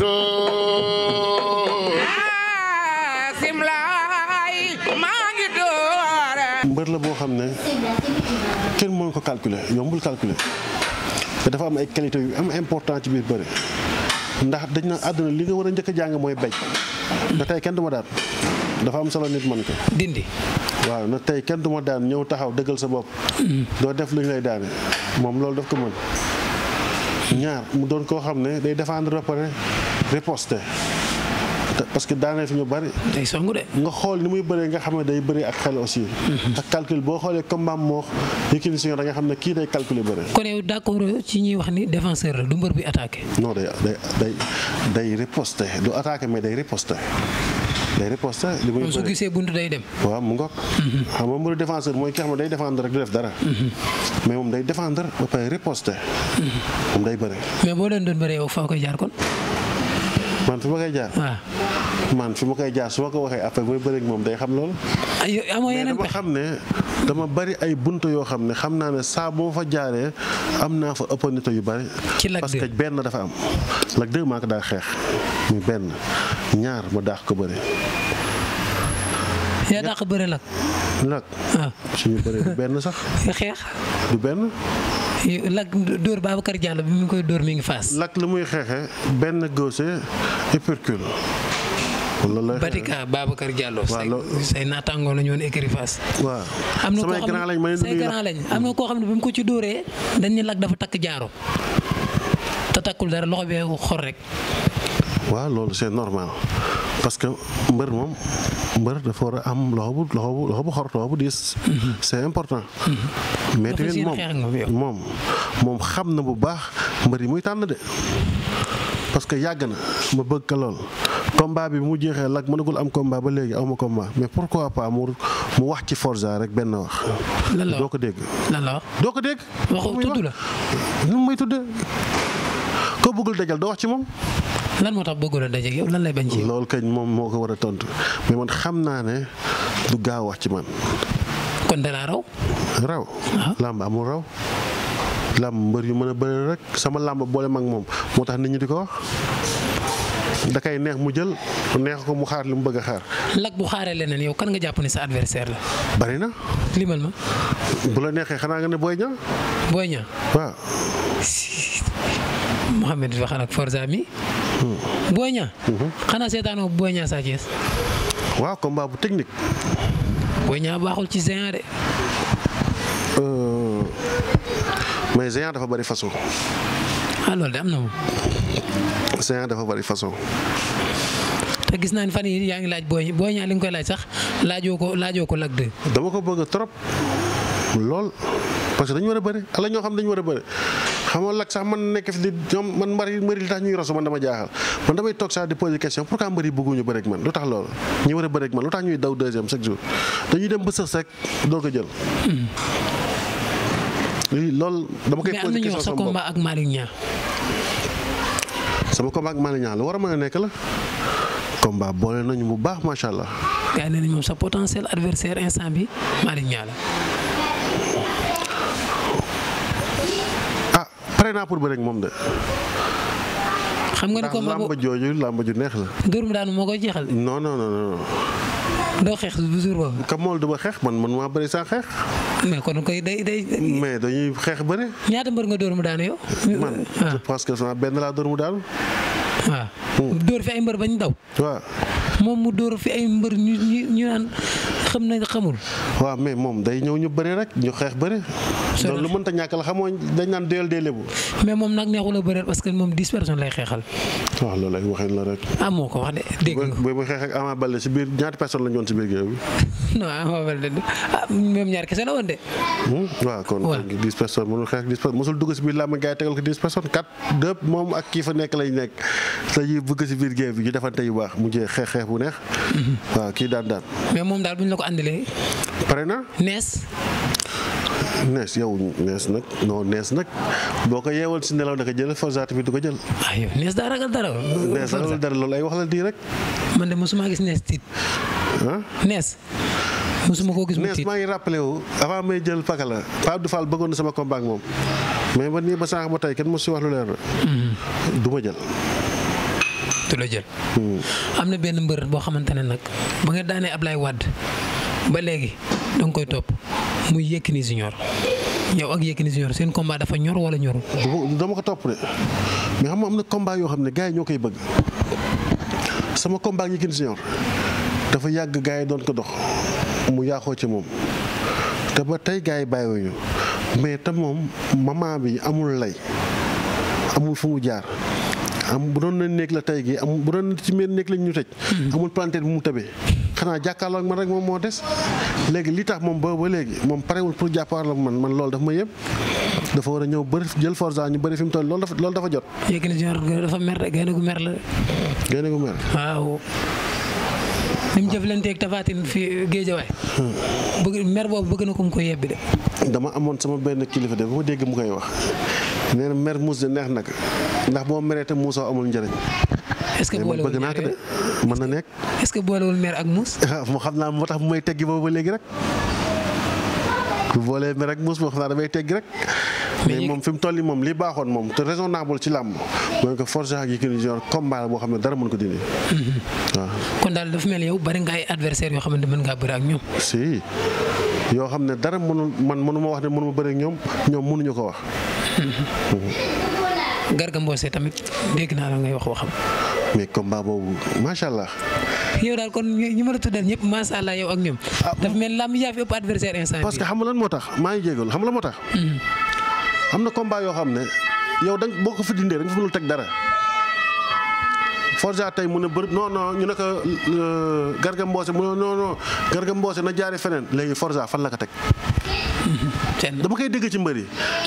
Ah, doon mbër la boo xam ne kenn mënu ko calculer yombul calculer te dafa am ay qualité yu am important ci biir bëri ndax dañ na àdduna li nga war a njëkk a jàng mooy béy na tey kenn du ma daan dafa am solo nit man ko dindi waaw na tey kenn duma ma daan ñëw taxaw dëggal sa bopp doo def lu lay daane moom loolu daf ko mën ñaar mu doon koo xam ne day défendre ba pare riposte parce que daanee fi ñu bëri. day songu de. nga xool ni muy bëree nga xam ne day bëree ak xel aussi. Mhm. ak calcul boo xoolee comme maam moo Yékini Senior da nga xam ne kii day calculer bëri. kon yow d'accord ci ñuy wax ni défenseur du mbër bi attaqué. non day day riposte du attaqué mais day riposte. day riposte li muy su gisee bunt day dem. waaw mu ngoog. Mhm. xam nga mbiru défenseur mooy ki xam ne day défendre rek du mhm. bëri. mais boo leen doon bëree yow faa koy jaar kon. man fi ma koy jaar. man fi ma koy jaar su ko waxee après mooy bëri moom day xam loolu. amoo dama xam ne dama bari ay bunt yoo xam ne xam naa ne saa boo fa jaaree am naa fa opportunité yu bari. ci parce que benn dafa am. Lac 2 maa ko daa xeex muy benn ñaar ma daax ko bëri. yaa daax ko bëri Lac. Lac ah. suñu bëree du benn sax. du benn. Lac dóor Babacar Diallo bi mu ngi koy dóor mi ngi faas. Lac lu muy xeexe benn gauche uppercut loolu lay Batika Babacar Diallo. waaw say naataangoo la ñu woon écurie Fass. waaw samay grand lañ may say grand lañ am na koo xam ne bi mu ko ci dóoree dañ ne Lac dafa takk jaaro te takkul dara loxo bee xor rek. waa loolu c'est normal parce mbër moom. mbër dafa war a am loxo bu loxo loxo bu diis. Mhm. c'est important. Mhm. mais tamit moom moom moom xam na bu baax mbër yi muy tànn de. parce que yàgg na ma bëgg ka lool combat bi mu jeexee lak mënagul am combat ba léegi awma combat mais pour pourquoi pas mu mu wax ci Forza rek benn wax. la doo ko dégg. doo ko dégg. waxoo tudd la nu muy tudd ko bëggul dajal doo wax ci moom. lan moo tax bëggoon a dajeeg yow lan lay bañ ci loolu kañ moom moo ko war a tontu mais man xam naa ne du gaaw wax ci man. kon danaa raw. raw. Ah. làmb amul raw. làmb mbër yu mën a bëri rek sama làmb boole mag moom moo tax nit ñi di ko wax. da kay neex mu jël neex ko mu xaar li mu bëgg a xaar. lak bu xaaree leneen yow kan nga jàpp ni sa adversaire la. bari na. limal ma. bu la neexee xanaa nga ne booy Niang. Boy Mouhamed Faxal ak Forza mi. Hmm. Boy Niang. Hmm. xanaa seetaanoo bu Niang Sa Thiès. waaw combat bu technique. Boy Niang baaxul ci Géant de. Euh, mais Géant dafa bari façon. ah loolu de am na moom. Géant dafa bari façon. te gis naa ne fan yi yaa ngi laaj Boy Boy Niang li nga koy laaj sax laajoo ko laajoo dama ko bëgg trop lool. parce que dañu war a bëri ala ñoo xam dañu war a bëri xam nga lak sax man nekk fi di ñoom man mbari mbari li tax ñuy rosu man dama jaaxal man damay toog sax di poser question pourquoi mbari bëgguñu bëri ak man lu tax loolu ñu war a bëri ak man tax ñuy daw deuxième chaque jour dañuy dem ba sës rek doo ko jël loolu dama koy poser ak Malick Niang sama combat ak Malick Niang lu a nekk la komba boole nañu bu baax macha allah. gaa yi ne moom sa potentiel adversaire instant bi Malick Niang la pare naa pour bëre ak moom de. xam nga ni combat boobu làmb jooju làmb ju neex la. dóor mu daanu moo koy jeexal. non non non non. doo xeex bu jour boobu. ka mool du ma xeex man man maa bëri saa xeex. mais kon koy day day. mais dañuy xeex bëri. ñaata mbër nga dóor mu daanu yow. man ah. je pense que benn laa dóor mu daanu. waaw. Ah. Hmm. dóor fi ay mbër bañ daw. moom mu dóor fi ay mbër ñu ñu xam nañ xamul. waaw mais moom day ñëw ñu bëri rek ñu xeex bëri. loolu mënta ñàkk la xamoo dañ naan déel déele bu. mais moom nag neexul a bëri moom dix personnes lay xeexal. waaw loolu ay waxin la rek. ah moo ko wax de dégg nga bu bu xeex ak Ama Baldé la ñu woon si biir ah, la woon de. Hmm? waaw kon dix personnes mënul xeex dix personnes mosul dugg si biir làmb gaay tegal ko dix personnes kat dëpp nekk lañ nekk dañuy bëgg si biir géew bi ñu defante yu baax mu jee xeex xeex bu neex. Mm-hmm. waaw kii daan daan. mais moom daal bu ñu la ko àndalee. na nees. nees yow nees nag ko yeewal si nelaw da jël forza bi ko jël. ah yow nees daa mosuma gis nees tiit. ah koo gis mu tiit nees maa ngi rappelé wu avant may jël paka la Pape Dufal bëggoon na sama combat ak moom mais ba nii ba sànq ba tey kenn mosu wax lu la. Mm-hmm. du ma jël. du la jël. Mm. am na benn mbër boo xamante nag ba nga daanee Ablaye Wade. ba léegi da koy topp muy Yékini Junior yow ak Yékini Junior seen combat dafa ñor wala ñorul. dama ko topp de mais xam nga am na combat yoo xam ne gars yi ñoo koy bëgg sama combat ak Yékini Junior dafa yàgg gars yi doon ko dox mu yaaxoo ci moom te ba tey gars yi bàyyiwuñu mais te moom maman bi amul lay amul fu mu jaar. am bu doon na néeg la tey gi am bu doon ci meen néeg lañ ñu tëj. Hmm. amul planteer bu mu tëbee. xanaa jàkkaarloo ak man rek moom moo des léegi li tax moom ba ba léegi moom parewul pour jàppaarloo ak man man lool daf ma yëpp dafa war a ñëw bëri jël Forza ñu bëri fi mu toll loolu dafa loolu dafa jot. Yékini Junior dafa mer gaynde gu mer la. gaynde gu mer waaw. ni mu jëflanteeg tafaatin fi géejawaay. Hmm. mer boobu bëgg na ko mu koy yebbi de. dama amoon sama benn kilifa de ba ma dégg mu koy wax nee na mer muus de neex nag ndax boo meree te muusoo amul njëriñ. est-ce que boolewul bëgg naa na nekk. est que boolewul mer ak muus. mu xam naa moo tax mu may teggi boobu ba léegi rek. ku boolee mer ak muus moo xam naa damay teggi rek. mais moom fi mu toll moom li baaxoon moom te raisonnable ci làmb mooy que force ak Yékini jor combat boo xam ne dara mën ko dindi. waaw kon daal dafa mel yow bari nga ay adversaires yoo xam ne mën ngaa bëri ak ñoom. si yoo xam ne dara mënul man mënuma wax ne mënuma bëri ak ñoom ñoom mënuñu ko wax. Garga Mbossé tamit dégg naa la ngay wax waxam. mais combat boobu macha allah. yow daal kon ñi ma la tuddal ñëpp macha allah yow ak ñoom. Ah, dafa mel lam yaa fi ëpp adversaire instant parce que xam moo tax maa ngi jégal xam moo tax. Mm-hmm. am na combat yoo xam ne yow da boo ko fi dindee rek nga fa mënul teg dara. Forza tey mu ne bërëb non non ñu ne ko euh, Garga Mbossé mu ne non non Garga Mbossé na jaari feneen léegi Forza fan la ko teg. dama koy dégg ci mbër yi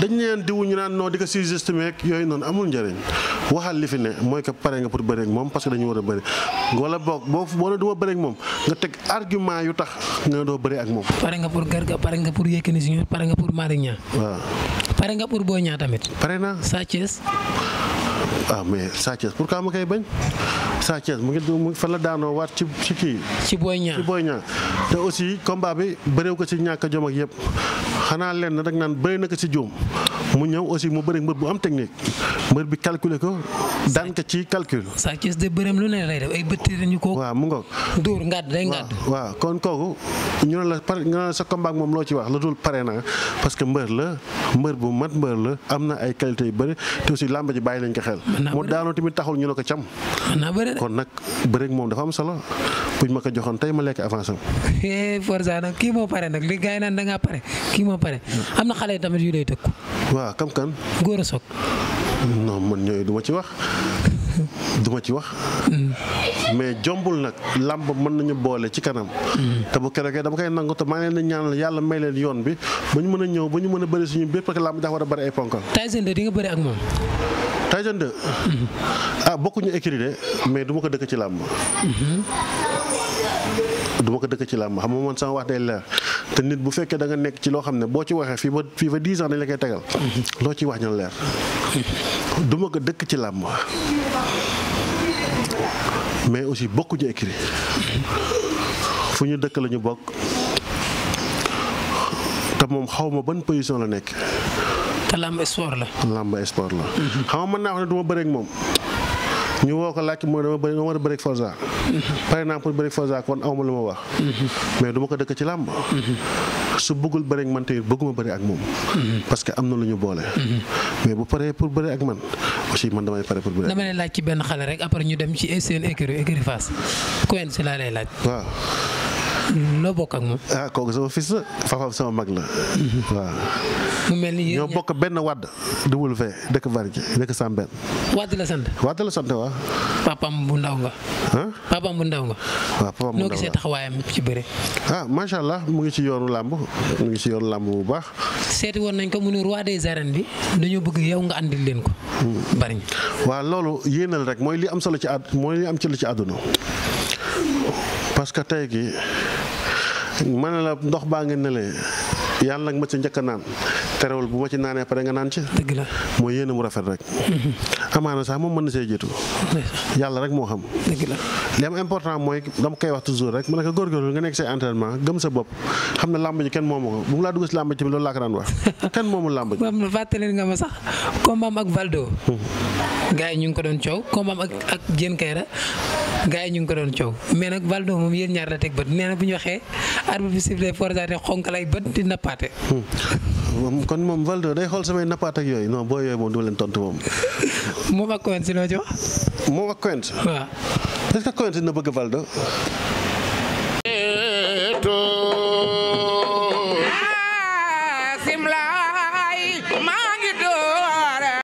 dañu leen diw ñu naan non di ko sous-estimer ak yooyu noonu amul njëriñ waxal li fi ne mooy que pare nga pour bëre moom parce que dañu war a bëri wala boo boo ne du ma ak moom nga teg argument yu tax nga doo bëri ak moom. pare nga pour Garga pare nga pour Yékini Junior pare nga pour Malick Niang. waaw pare nga pour boo Niang tamit. pare na Sa Thiès ah mais Sa Thiès pourquoi ma koy bañ Sa Thiès mu ngi fan la daanoo waat ci ci kii. ci booy ñaar ci Boy Niang te aussi combat bi bëreew ko ci ñàkk jom ak yëpp xanaa lenn rek naan bëri na ko ci juum. mu ñëw aussi mu bëri mbër bu am technique mbër bi calculer ko daan ko ci calcul. Sa Thiès de bërëm lu ne lay def ay bëtt ñu ko. waaw mu ngoog dóor ngàdd day ngàdd. waaw pare ñu loo ci wax la dul pare na parce que mbër la mbër bu mat mbër la am na ay qualité yu bëri te aussi làmb ji bàyyi lañ ko xel. mu daanoo tamit taxul ñu la ko cam. kon nag bëri moom dafa am solo buñ ma ko joxoon tey ma lekk avancé am. Eh, Forza nag kii moo pare nag li naan da pare waaw kam kan. Gora Sock. non man ñooy duma ci wax. duma ci wax. Mm. mais jombul nag làmb mën nañu boole ci kanam. Mm. te bu keroogee dama koy nangu te maa ngi leen di ñaanal yàlla may leen yoon bi ba ñu mën a ñëw ba ñu mën a bëri suñu biir parce que làmb war a bëri ay ponkal. Tyson 2 di nga bëri ak moom. Tyson mm-hmm. ah bokkuñu écurie de mais duma ko dëkk ci làmb. Mm-hmm. duma ko dëkk ci làmb xam nga man sama wax day leer. te nit bu fekkee da nga nekk ci loo xam ne boo ci waxee fii ba fii ba dix ans dañ la koy tegal loo ciy wax ñan leer du ko dëkk ci làmb mais aussi bokkuñu écrit fu ñu dëkk lañu bokk te moom xaw ma ban position la nekk te làmb sport la làmb sport la mën naa wax ne du ma moom ñu woo ko laaj mooy dama bëri dama war a bëri Forza. pare naa pour bëri Forza kon aw ma lu ma wax. mais du ko dëkk ci làmb. su bëggul bëri man tamit bëgguma bëri ak moom. parce am na lu ñu boole. mais bu paree pour bëri ak man aussi man damay pare pour bëri. dama lay laaj ci benn xale rek après ñu dem ci seen écurie écurie Fass. Coen laa lay laaj. waaw. noo bokk ak moom. ah kooku sama fils la Fafam sama mag la. waaw. mu mel ni ñoo bokk benn wadd dubul fee dëkk bari ji dëkk Sambène. wadd la sant. wadd la sant waaw. papaam bu ndaw nga. ah papaam bu ndaw nga. waaw papaam bu ndaw nga noo ci bëre. ah macha mu ngi ci yoonu làmb mu ngi ci yoonu làmb bu baax. seeti woon nañ ko mu ne roi des bi dañoo bëgg yow nga leen ko. Hmm. bariñ waaw loolu yéenal rek mooy li am solo ci àdd mooy am ci la ci àdduna parce que tey gi ma ne la ndox baa ngeen ne yàlla nag ma ci njëkk a naan terewul bu ma ci naanee pare nga naan ci. la mooy yéene mu rafet rek. amaana sax moom mën na see jiitu. yàlla rek moo xam. dëgg la li am important mooy dama koy wax toujours rek ma ne ko góorgóorlu nga nekk say entraînement gëm sa bopp xam ne làmb ji kenn moomu ko bu mu laa dugg si làmb ji tamit loolu laa ko daan wax kenn moomu làmb ji. waaw fàttali nga ma sax kombaam ak Valdo. Hmm. gars ñu ngi ko doon coow kombaam gars yi ñu ngi ko doon coow mais nag Valdo moom yéen ñaar la teg bët nee na bu ñu waxee arbitre bi sifflé Forza te xonk lay bët di nappaate. Hmm. kon moom Valdo day xool samay nappaate ak yooyu non boo yooyu moom du leen tontu moom. moom ak Coent si moom ak Coent. waaw est-ce que dina bëgg Valdo.